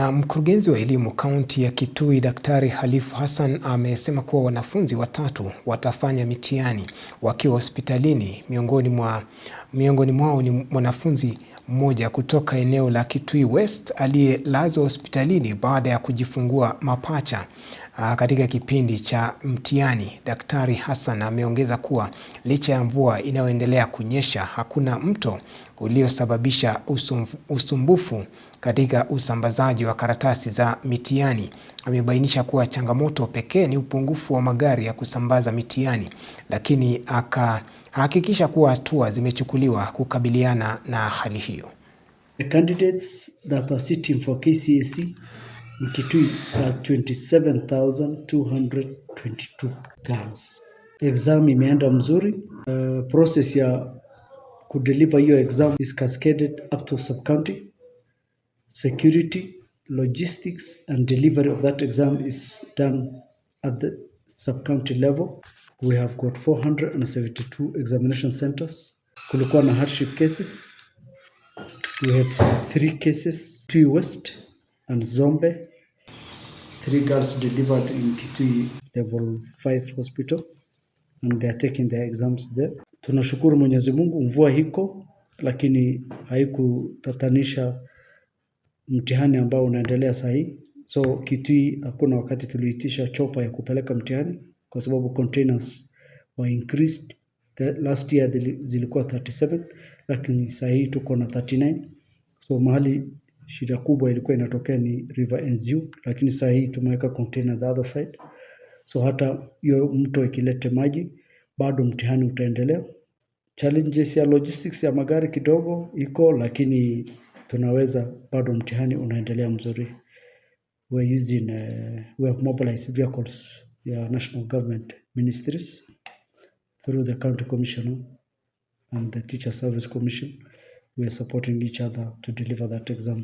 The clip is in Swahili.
Na mkurugenzi wa elimu kaunti ya Kitui Daktari Halif Hassan amesema kuwa wanafunzi watatu watafanya mitihani wakiwa hospitalini, miongoni mwa miongoni mwao ni mwanafunzi mmoja kutoka eneo la Kitui West aliyelazwa hospitalini baada ya kujifungua mapacha aa, ah, katika kipindi cha mtihani. Daktari Hassan ameongeza kuwa licha ya mvua inayoendelea kunyesha, hakuna mto uliosababisha usumbufu katika usambazaji wa karatasi za mitihani. Amebainisha kuwa changamoto pekee ni upungufu wa magari ya kusambaza mitihani, lakini aka hakikisha kuwa hatua zimechukuliwa kukabiliana na hali hiyo. The candidates that are sitting for KCSE Kitui are 27222 girls. Exam imeenda mzuri. Uh, process ya kudeliver hiyo exam is cascaded up to sub county. Security, logistics and delivery of that exam is done at the sub county level we have got 472 examination centers. Kulikuwa na hardship cases. We had three cases, Kitui West and Zombe. Three girls delivered in Kitui level 5 hospital and they are taking their exams there. Tunashukuru Mwenyezi Mungu, mvua hiko lakini haikutatanisha mtihani ambao unaendelea sahii. So Kitui hakuna wakati tuliitisha chopa ya kupeleka mtihani kwa sababu containers wa increased the last year zilikuwa 37 lakini saa hii tuko na 39. So mahali shida kubwa ilikuwa inatokea ni River Enziu, lakini saa hii tumeweka container the other side, so hata hiyo mto ikilete maji bado mtihani utaendelea. Challenges ya logistics ya magari kidogo iko, lakini tunaweza bado, mtihani unaendelea mzuri. We using uh, we have mobilized vehicles your national government ministries through the county commissioner and the teacher service commission we are supporting each other to deliver that exam